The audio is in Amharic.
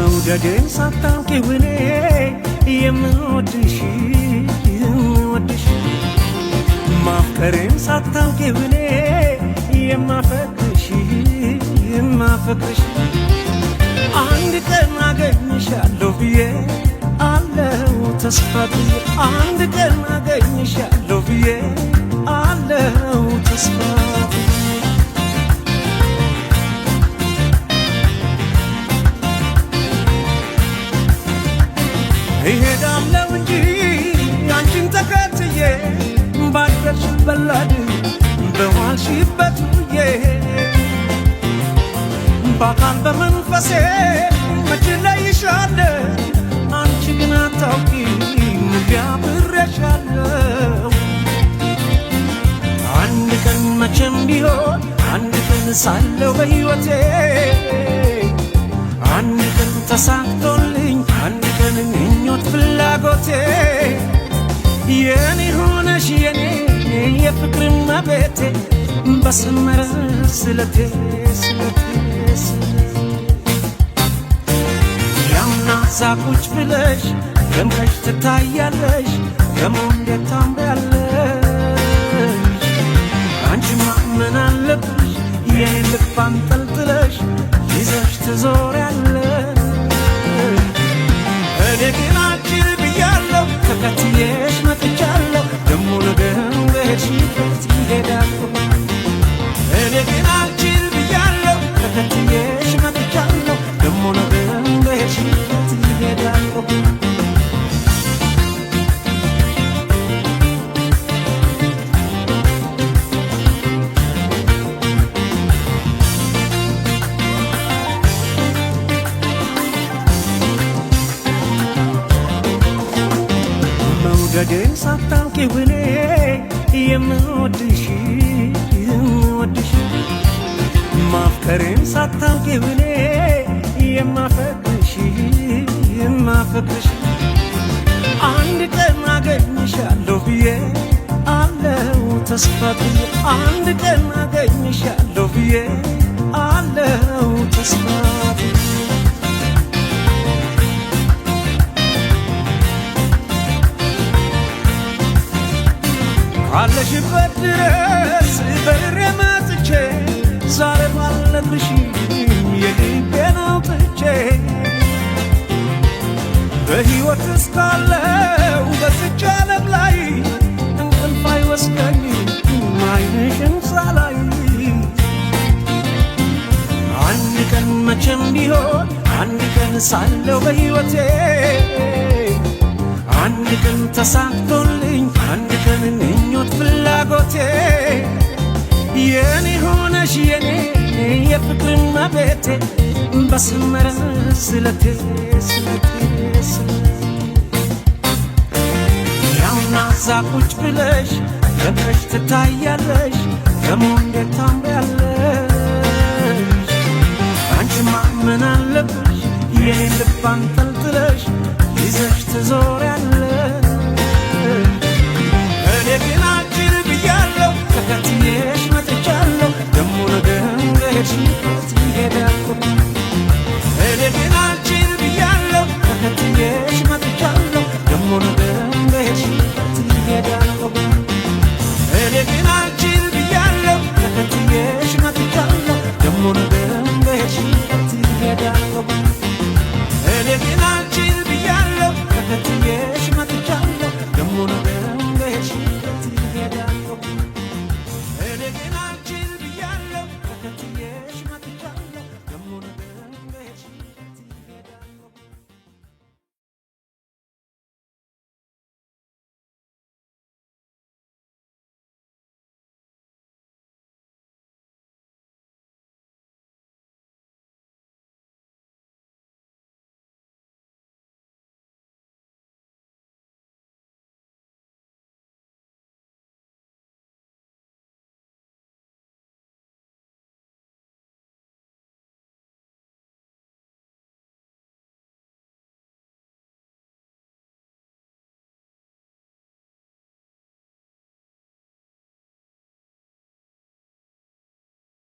መውደድን ሳታውቂው እኔ የምወድሽ የምወድሽ ማፍቀርን ሳታውቂው እኔ የማፈቅርሽ የማፈቅርሽ አንድ ቀን አገኝሻለሁ ብዬ አለው ተስፋ ብዬ አንድ ቀን አገኝሻለሁ ብዬ አለው ተስፋ በመንፈሴ መች ለይሻለሁ አንቺ ግን አታውቂም አብሬሻለሁ አንድ ቀን መቼም ቢሆን አንድ ቀን ሳለው በሕይወቴ አንድ ቀን ተሳክቶልኝ አንድ ቀን ምኞት ፍላጎቴ የኔ ሆነሽ የኔ የፍቅርማ ቤቴ በሰመረ ስለቴ ስለቴ እዛ ቁጭ ብለሽ ደምቀሽ ትታያለሽ ደግሞ እንዴት ታምሪያለሽ መንገድን ሳታውቂ እኔ የምወድሽ የምወድሽ ማፍቀርን ሳታውቂው እኔ የማፈቅርሽ የማፈቅርሽ አንድ ቀን አገኝሻለሁ ብዬ አለው ተስፋ ብዬ አንድ ቀን አገኝሻለሁ ብዬ አለሽበት ድረስ በእሬ መጥቼ ዛሬ ባለብሽ የልቤን አውጥቼ በሕይወት እስካለው በዚች ዓለም ላይ እንቅልፍ አይወስደኝ አይንሽን ሳላይ አንድ ቀን መቼም ቢሆን አንድ ቀን ሳለው በሕይወቴ አንድ ቀን ተሳክቶልኝ አንድ ቀን የሆንኩት ፍላጎቴ የኔ ሆነሽ የኔ የፍቅርን መቤቴ በሰመረ ስለቴ ስለቴ ያውና እዛ ብለሽ ደብረሽ ትታያለሽ ደሞ እንዴት ታምሪያለሽ አንቺማ ምን አለብሽ የኔን ልብ አንጠልጥለሽ ይዘሽ 今夜的。